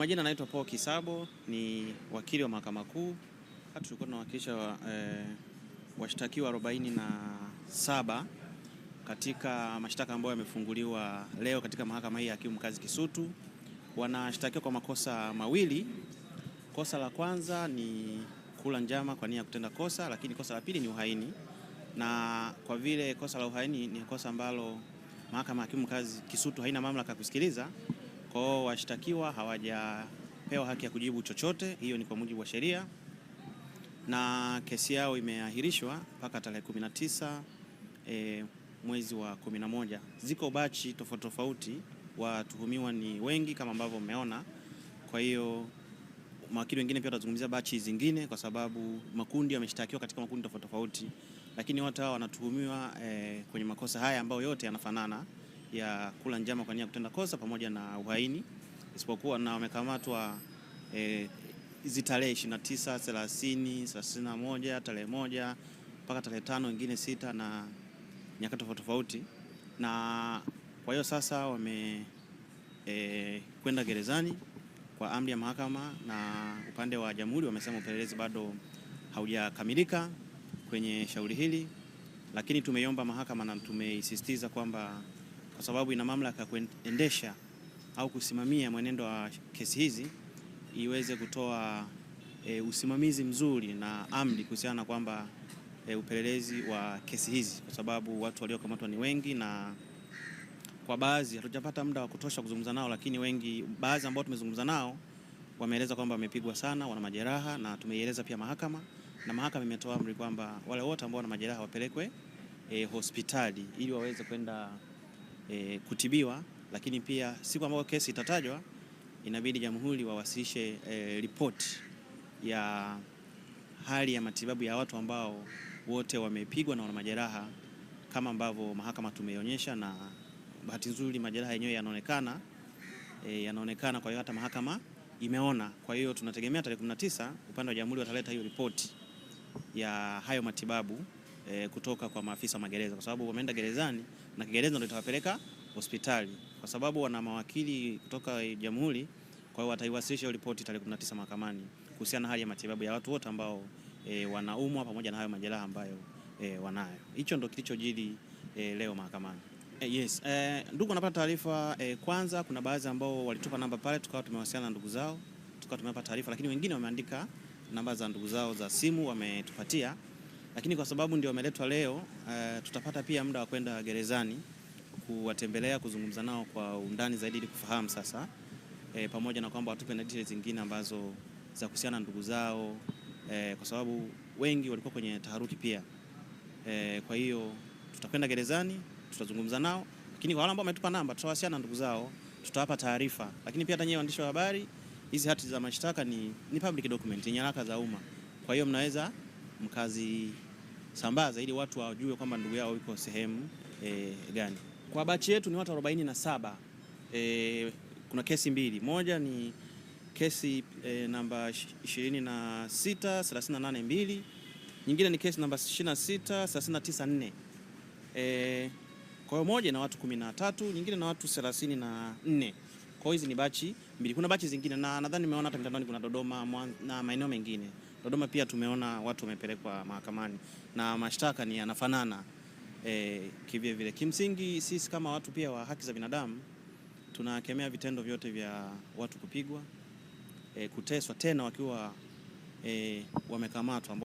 Majina naitwa Paul Kisabo, ni wakili wa mahakama kuu. Tulikuwa tunawakilisha wa, eh, washtakiwa arobaini na saba katika mashtaka ambayo yamefunguliwa leo katika mahakama hii ya hakimu mkazi Kisutu. Wanashtakiwa kwa makosa mawili. Kosa la kwanza ni kula njama kwa nia ya kutenda kosa, lakini kosa la pili ni uhaini, na kwa vile kosa la uhaini ni kosa ambalo mahakama ya hakimu mkazi Kisutu haina mamlaka kusikiliza kwa hiyo washtakiwa hawajapewa haki ya kujibu chochote, hiyo ni kwa mujibu wa sheria, na kesi yao imeahirishwa mpaka tarehe 19 e, eh, mwezi wa 11. Ziko bachi tofauti tofauti, watuhumiwa ni wengi kama ambavyo mmeona. Kwa hiyo mawakili wengine pia watazungumzia bachi zingine, kwa sababu makundi yameshtakiwa katika makundi tofauti tofauti, lakini wote hao wanatuhumiwa e, kwenye makosa haya ambayo yote yanafanana ya kula njama kwa nia kutenda kosa pamoja na uhaini, isipokuwa na wamekamatwa eh, hizi e, tarehe 29, 30, 31, tarehe moja mpaka tarehe tano, wengine sita na nyakati tofauti tofauti, na kwa hiyo sasa wame e, kwenda gerezani kwa amri ya mahakama, na upande wa jamhuri wamesema upelelezi bado haujakamilika kwenye shauri hili, lakini tumeiomba mahakama na tumeisisitiza kwamba kwa sababu ina mamlaka ya kuendesha au kusimamia mwenendo wa kesi hizi iweze kutoa e, usimamizi mzuri na amri kuhusiana na kwamba e, upelelezi wa kesi hizi, kwa sababu watu waliokamatwa ni wengi na kwa baadhi hatujapata muda wa kutosha kuzungumza nao, lakini wengi, baadhi ambao tumezungumza nao wameeleza kwamba wamepigwa sana, wana majeraha, na tumeieleza pia mahakama, na mahakama imetoa amri kwamba wale wote ambao wana majeraha wapelekwe e, hospitali ili waweze kwenda e, kutibiwa, lakini pia siku ambayo kesi itatajwa inabidi jamhuri wawasilishe e, ripoti ya hali ya matibabu ya watu ambao wote wamepigwa na wana majeraha kama ambavyo mahakama tumeonyesha, na bahati nzuri majeraha yenyewe yanaonekana e, yanaonekana, kwa hiyo hata mahakama imeona. Kwa hiyo tunategemea tarehe 19 upande wa jamhuri wataleta hiyo ripoti ya hayo matibabu e, kutoka kwa maafisa wa magereza, kwa sababu wameenda gerezani na Kiingereza ndio itawapeleka hospitali, kwa sababu wana mawakili kutoka Jamhuri. Kwa hiyo wataiwasilisha ripoti tarehe 19 mahakamani kuhusiana na hali ya matibabu ya watu wote ambao e, wanaumwa pamoja na hayo majeraha ambayo e, wanayo. Hicho ndo kilichojiri e, leo mahakamani. E, yes. E, ndugu anapata taarifa e, kwanza kuna baadhi ambao walitupa namba pale, tukawa tumewasiliana na ndugu zao, tukawa tumepata taarifa, lakini wengine wameandika namba za ndugu zao za simu wametupatia lakini kwa sababu ndio wameletwa leo uh, tutapata pia muda wa kwenda gerezani kuwatembelea, kuzungumza nao kwa undani zaidi ili kufahamu sasa e, pamoja na kwamba watupe na details zingine ambazo za kuhusiana na ndugu zao e, kwa sababu wengi walikuwa kwenye taharuki pia e, kwa hiyo tutakwenda gerezani, tutazungumza nao, lakini kwa wale ambao wametupa namba tutawasiliana na ndugu zao, tutawapa taarifa, lakini pia tanyewe waandishi wa habari, hizi hati za mashtaka ni, ni public document, ni nyaraka za umma, kwa hiyo mnaweza mkazi sambaza ili watu wajue kwamba ndugu yao yuko sehemu e, gani. Kwa bachi yetu ni watu 47. E, eh, kuna kesi mbili, moja ni kesi e, namba 26 mbili, nyingine ni kesi namba 26 39 E, kwa hiyo moja na watu 13, nyingine na watu 34. Kwa hiyo hizi ni bachi mbili. Kuna bachi zingine na nadhani nimeona hata mtandaoni kuna Dodoma na maeneo mengine. Dodoma pia tumeona watu wamepelekwa mahakamani na mashtaka ni yanafanana e, kivile vile. Kimsingi sisi kama watu pia wa haki za binadamu tunakemea vitendo vyote vya watu kupigwa, e, kuteswa tena wakiwa e, wamekamatwa.